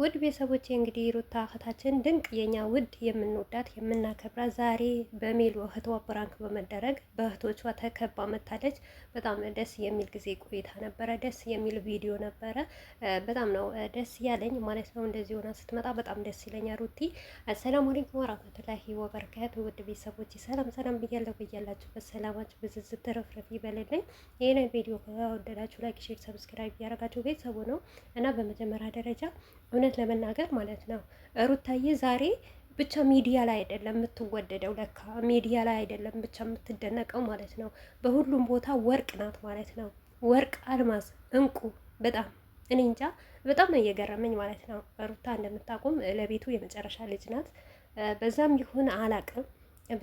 ውድ ቤተሰቦቼ እንግዲህ ሩታ እህታችን ድንቅ የኛ ውድ የምንወዳት የምናከብራት ዛሬ በሜሉ እህቷ ብራንክ በመደረግ በእህቶቿ ተከባ መታለች። በጣም ደስ የሚል ጊዜ ቆይታ ነበረ። ደስ የሚል ቪዲዮ ነበረ። በጣም ነው ደስ ያለኝ ማለት ነው። እንደዚህ ሆና ስትመጣ በጣም ደስ ይለኛል። ሩቲ አሰላሙ አለይኩም ወራህመቱላሂ ወበረካቱ። ውድ ቤተሰቦች ሰላም ሰላም ብያለሁ። ብያላችሁበት ሰላማችሁ ብዝዝ ስትረፍረፍ ይበልልኝ። ይህንን ቪዲዮ ከወደዳችሁ ላይክ፣ ሼር፣ ሰብስክራይብ እያደረጋችሁ ቤተሰቡ ነው እና በመጀመሪያ ደረጃ እውነት ለመናገር ማለት ነው ሩታዬ ዛሬ ብቻ ሚዲያ ላይ አይደለም የምትወደደው፣ ለካ ሚዲያ ላይ አይደለም ብቻ የምትደነቀው ማለት ነው። በሁሉም ቦታ ወርቅ ናት ማለት ነው። ወርቅ፣ አልማዝ፣ እንቁ። በጣም እኔ እንጃ በጣም ነው እየገረመኝ ማለት ነው። ሩታ እንደምታቁም ለቤቱ የመጨረሻ ልጅ ናት። በዛም ይሁን አላቅም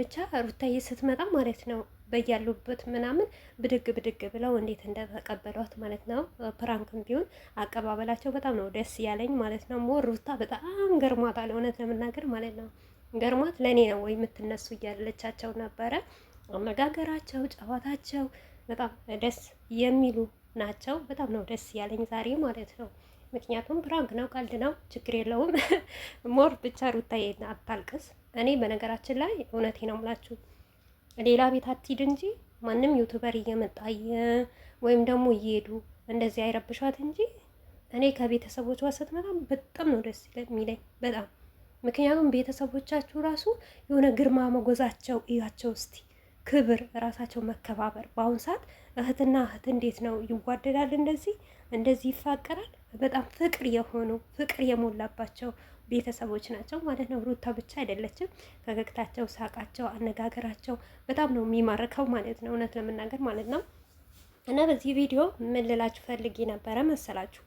ብቻ ሩታዬ ስትመጣ ማለት ነው በያሉበት ምናምን ብድግ ብድግ ብለው እንዴት እንደተቀበሏት ማለት ነው። ፕራንክም ቢሆን አቀባበላቸው በጣም ነው ደስ ያለኝ ማለት ነው። ሞር ሩታ በጣም ገርሟታል፣ እውነት ለመናገር ማለት ነው። ገርሟት ለእኔ ነው ወይ የምትነሱ እያለቻቸው ነበረ። አመጋገራቸው፣ ጨዋታቸው በጣም ደስ የሚሉ ናቸው። በጣም ነው ደስ ያለኝ ዛሬ ማለት ነው። ምክንያቱም ፕራንክ ነው፣ ቀልድ ነው፣ ችግር የለውም። ሞር ብቻ ሩታዬ አታልቅስ። እኔ በነገራችን ላይ እውነቴ ነው የምላችሁ ሌላ ቤት አትሂድ እንጂ ማንም ዩቱበር እየመጣ ወይም ደግሞ እየሄዱ እንደዚህ አይረብሿት እንጂ እኔ ከቤተሰቦቿ ስትመጣ በጣም ነው ደስ የሚለኝ በጣም ምክንያቱም ቤተሰቦቻችሁ ራሱ የሆነ ግርማ መጎዛቸው እያቸው እስቲ ክብር፣ ራሳቸው መከባበር። በአሁኑ ሰዓት እህትና እህት እንዴት ነው ይዋደዳል? እንደዚህ እንደዚህ ይፋቀራል? በጣም ፍቅር የሆኑ ፍቅር የሞላባቸው ቤተሰቦች ናቸው ማለት ነው። ሩታ ብቻ አይደለችም። ፈገግታቸው፣ ሳቃቸው፣ አነጋገራቸው በጣም ነው የሚማርከው ማለት ነው። እውነት ለመናገር ማለት ነው። እና በዚህ ቪዲዮ ምን ልላችሁ ፈልጌ ነበረ መሰላችሁ?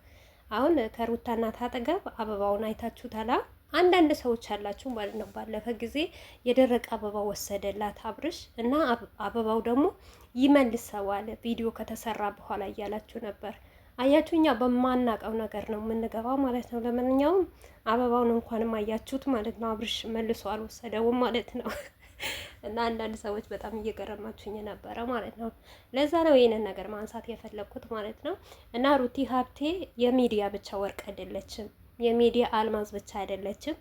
አሁን ከሩታ እናት አጠገብ አበባውን ታላ አንዳንድ ሰዎች አላችሁ ማለት ነው። ባለፈ ጊዜ የደረቀ አበባ ወሰደላት አብርሽ እና አበባው ደግሞ ይመልሰዋል ቪዲዮ ከተሰራ በኋላ እያላችሁ ነበር። አያችሁ፣ እኛ በማናቀው ነገር ነው የምንገባው ማለት ነው። ለማንኛውም አበባውን እንኳንም አያችሁት ማለት ነው። አብርሽ መልሶ አልወሰደውም ማለት ነው። እና አንዳንድ ሰዎች በጣም እየገረማችሁኝ ነበረ ማለት ነው። ለዛ ነው ይህንን ነገር ማንሳት የፈለግኩት ማለት ነው። እና ሩቲ ሀብቴ የሚዲያ ብቻ ወርቅ አይደለችም፣ የሚዲያ አልማዝ ብቻ አይደለችም።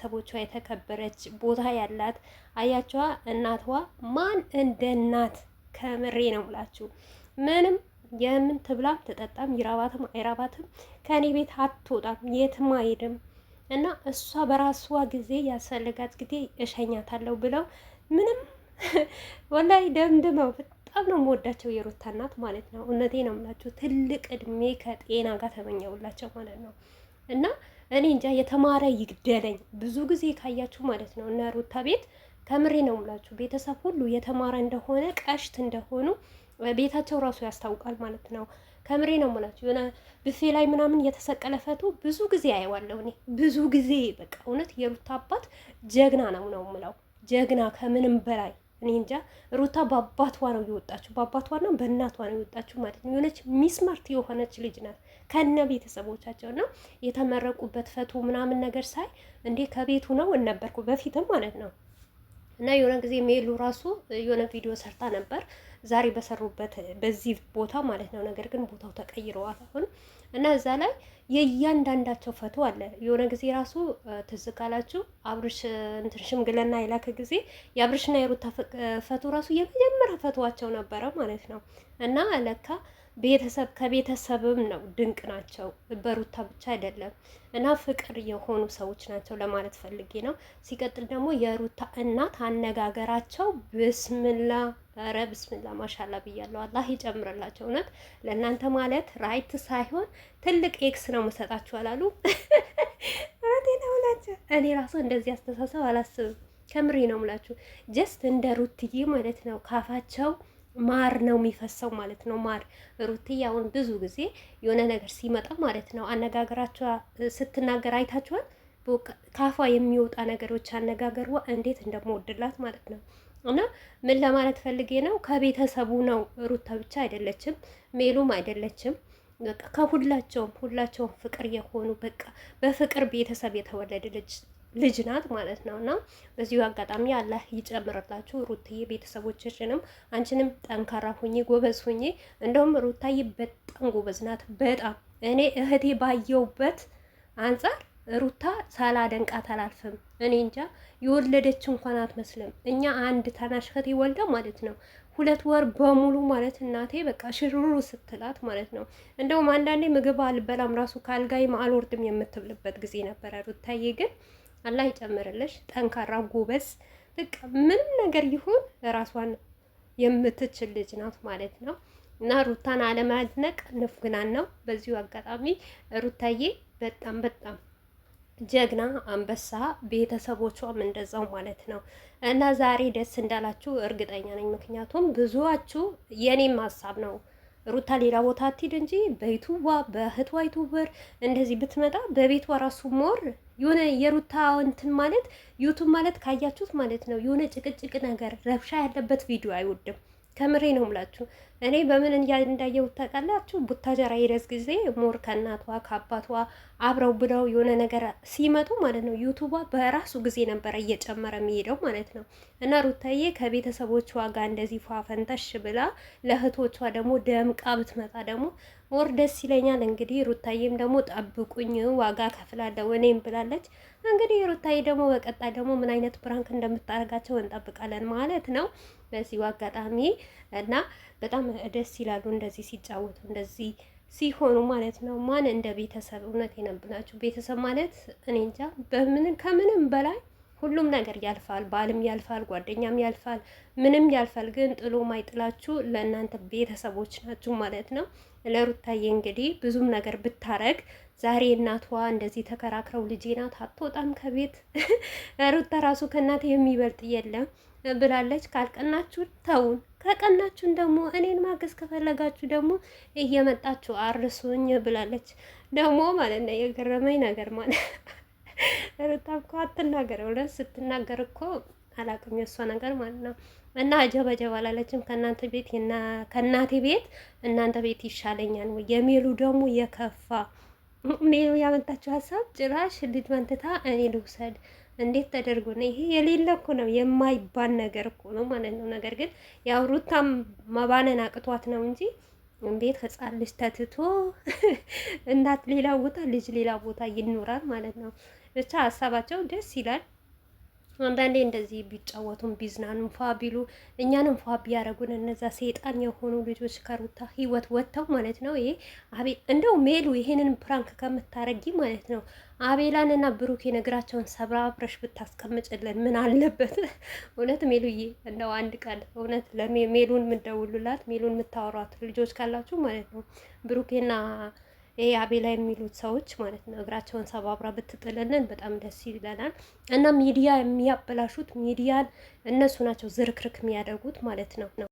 ሰቦቿ የተከበረች ቦታ ያላት አያችዋ እናትዋ ማን እንደ እናት ከምሬ ነው ብላችሁ ምንም የምን ትብላም ትጠጣም ይራባትም አይራባትም ከእኔ ቤት አትወጣም የትም አይሄድም እና እሷ በራሷ ጊዜ ያስፈልጋት ጊዜ እሸኛታለሁ ብለው ምንም ወላይ ደምድመው በጣም ነው የምወዳቸው የሩታ እናት ማለት ነው። እውነቴ ነው የምላችሁ ትልቅ እድሜ ከጤና ጋር ተመኘውላቸው ማለት ነው። እና እኔ እንጃ የተማረ ይግደለኝ። ብዙ ጊዜ ካያችሁ ማለት ነው እና ሩታ ቤት ከምሬ ነው የምላችሁ ቤተሰብ ሁሉ የተማረ እንደሆነ ቀሽት እንደሆኑ ቤታቸው ራሱ ያስታውቃል ማለት ነው። ከምሬ ነው የምላችሁ። የሆነ ብፌ ላይ ምናምን የተሰቀለ ፈቶ ብዙ ጊዜ አየዋለሁ እኔ ብዙ ጊዜ በቃ እውነት የሩታ አባት ጀግና ነው ነው የምለው ጀግና ከምንም በላይ እኔ እንጃ ሩታ በአባቷ ነው የወጣችሁ፣ በአባቷና በእናቷ ነው የወጣችሁ ማለት ነው። የሆነች ሚስማርት የሆነች ልጅ ናት ከነ ቤተሰቦቻቸው ነው የተመረቁበት ፈቶ ምናምን ነገር ሳይ እንዴ ከቤቱ ነው እነበርኩ በፊትም ማለት ነው እና የሆነ ጊዜ ሜሉ ራሱ የሆነ ቪዲዮ ሰርታ ነበር ዛሬ በሰሩበት በዚህ ቦታ ማለት ነው። ነገር ግን ቦታው ተቀይረዋል አሁን እና እዛ ላይ የእያንዳንዳቸው ፈቶ አለ። የሆነ ጊዜ ራሱ ትዝ ካላችሁ አብርሽ እንትን ሽምግልና የላከ ጊዜ የአብርሽና የሩታ ፈቶ ራሱ የመጀመሪያ ፈቶዋቸው ነበረ ማለት ነው እና ለካ ቤተሰብ ከቤተሰብም ነው ድንቅ ናቸው። በሩታ ብቻ አይደለም እና ፍቅር የሆኑ ሰዎች ናቸው ለማለት ፈልጌ ነው። ሲቀጥል ደግሞ የሩታ እናት አነጋገራቸው ብስምላ ረ ብስምላ ማሻላ ብያለሁ። አላህ ይጨምርላቸው። እውነት ለእናንተ ማለት ራይት ሳይሆን ትልቅ ኤክስ ነው መሰጣችሁ አላሉ እኔ ራሱ እንደዚህ አስተሳሰብ አላስብም። ከምሬ ነው ምላችሁ ጀስት እንደ ሩትዬ ማለት ነው ካፋቸው ማር ነው የሚፈሰው ማለት ነው። ማር ሩትዬ አሁን ብዙ ጊዜ የሆነ ነገር ሲመጣ ማለት ነው አነጋገራቸ ስትናገር አይታችኋል። ካፏ የሚወጣ ነገሮች አነጋገሩ እንዴት እንደምወድላት ማለት ነው። እና ምን ለማለት ፈልጌ ነው ከቤተሰቡ ነው። ሩታ ብቻ አይደለችም፣ ሜሉም አይደለችም። በቃ ከሁላቸውም ሁላቸውም ፍቅር የሆኑ በቃ በፍቅር ቤተሰብ የተወለደ ልጅ ልጅ ናት ማለት ነው። እና በዚሁ አጋጣሚ አላህ ይጨምርላችሁ ሩትዬ፣ ቤተሰቦችሽንም አንቺንም ጠንካራ ሁኜ ጎበዝ ሁኜ። እንደውም ሩታዬ በጣም ጎበዝ ናት። በጣም እኔ እህቴ ባየውበት አንጻር ሩታ ሳላደንቃት አላልፍም። እኔ እንጃ የወለደች እንኳን አትመስልም። እኛ አንድ ታናሽ እህቴ ወልዳ ማለት ነው ሁለት ወር በሙሉ ማለት እናቴ በቃ ሽሩሩ ስትላት ማለት ነው። እንደውም አንዳንዴ ምግብ አልበላም ራሱ ካልጋይም አልወርድም የምትብልበት ጊዜ ነበረ። ሩታዬ ግን አላህ ይጨምርልሽ። ጠንካራ ጎበዝ፣ በቃ ምንም ነገር ይሁን ራሷን የምትችል ልጅ ናት ማለት ነው። እና ሩታን አለማድነቅ ንፍግናን ነው። በዚሁ አጋጣሚ ሩታዬ በጣም በጣም ጀግና አንበሳ፣ ቤተሰቦቿም እንደዛው ማለት ነው። እና ዛሬ ደስ እንዳላችሁ እርግጠኛ ነኝ። ምክንያቱም ብዙዋችሁ የኔም ሀሳብ ነው ሩታ ሌላ ቦታ አትሂድ እንጂ በይቱዋ በህትዋ ዩቱበር እንደዚህ ብትመጣ በቤቷ ራሱ ሞር የሆነ የሩታ እንትን ማለት ዩቱብ ማለት ካያችሁት ማለት ነው የሆነ ጭቅጭቅ ነገር ረብሻ ያለበት ቪዲዮ አይወድም። ከምሬ ነው ምላችሁ እኔ በምን እንዳየሁት ታውቃላችሁ? ቡታጀራ ይረስ ጊዜ ሞር ከእናቷ ከአባቷ አብረው ብለው የሆነ ነገር ሲመጡ ማለት ነው ዩቱቧ በራሱ ጊዜ ነበረ እየጨመረ የሚሄደው ማለት ነው። እና ሩታዬ ከቤተሰቦቿ ጋር እንደዚህ ፏፈንተሽ ብላ ለእህቶቿ ደግሞ ደምቃ ብትመጣ ደግሞ ሞር ደስ ይለኛል። እንግዲህ ሩታዬም ደግሞ ጠብቁኝ ዋጋ ከፍላለሁ እኔም ብላለች። እንግዲህ ሩታዬ ደግሞ በቀጣይ ደግሞ ምን አይነት ብራንክ እንደምታደርጋቸው እንጠብቃለን ማለት ነው በዚሁ አጋጣሚ እና በጣም ደስ ይላሉ እንደዚህ ሲጫወቱ እንደዚህ ሲሆኑ ማለት ነው። ማን እንደ ቤተሰብ እውነት የነብላችሁ ቤተሰብ ማለት እኔ እንጃ በምን ከምንም በላይ ሁሉም ነገር ያልፋል። ባልም ያልፋል፣ ጓደኛም ያልፋል፣ ምንም ያልፋል። ግን ጥሎ ማይጥላችሁ ለእናንተ ቤተሰቦች ናችሁ ማለት ነው። ለሩታዬ እንግዲህ ብዙም ነገር ብታረግ ዛሬ እናቷ እንደዚህ ተከራክረው ልጄ ናት አትወጣም ከቤት ሩታ ራሱ ከእናት የሚበልጥ የለም ብላለች። ካልቀናችሁ ተውን ከቀናችሁን ደግሞ እኔን ማገዝ ከፈለጋችሁ ደግሞ እየመጣችሁ አርሱኝ ብላለች። ደግሞ ማለት ነው የገረመኝ ነገር ማለት ሩታ እኮ አትናገር ብለን ስትናገር እኮ አላቅም የእሷ ነገር ማለት ነው። እና ጀበጀባ አላለችም። ከእናንተ ቤት ከእናቴ ቤት እናንተ ቤት ይሻለኛል ወይ የሚሉ ደግሞ የከፋ ሜሉ ያመጣችው ሀሳብ ጭራሽ ልጅ መንትታ እኔ ልውሰድ እንዴት ተደርጎ ነው ይሄ? የሌለ እኮ ነው የማይባል ነገር እኮ ነው ማለት ነው። ነገር ግን ያው ሩታም መባነን አቅቷት ነው እንጂ እንዴት ሕፃን ልጅ ተትቶ እናት ሌላ ቦታ ልጅ ሌላ ቦታ ይኖራል ማለት ነው። ብቻ ሀሳባቸው ደስ ይላል። አንዳንዴ እንደዚህ ቢጫወቱም ቢዝናኑም ፏ ቢሉ እኛንም ፏ ቢያደረጉን እነዛ ሴጣን የሆኑ ልጆች ከሩታ ህይወት ወጥተው ማለት ነው። ይሄ አቤ እንደው ሜሉ ይሄንን ፕራንክ ከምታረጊ ማለት ነው አቤላን እና ብሩክ የነግራቸውን ሰብራ አብረሽ ብታስቀምጭልን ምን አለበት? እውነት ሜሉዬ፣ እንደው አንድ ቀን እውነት ለሜሉን የምትደውሉላት ሜሉን የምታወሯት ልጆች ካላችሁ ማለት ነው ብሩኬና ይሄ አቤላ የሚሉት ሰዎች ማለት ነው እግራቸውን ሰባብራ ብትጥልልን በጣም ደስ ይለናል። እና ሚዲያ የሚያበላሹት ሚዲያን እነሱ ናቸው ዝርክርክ የሚያደርጉት ማለት ነው ነው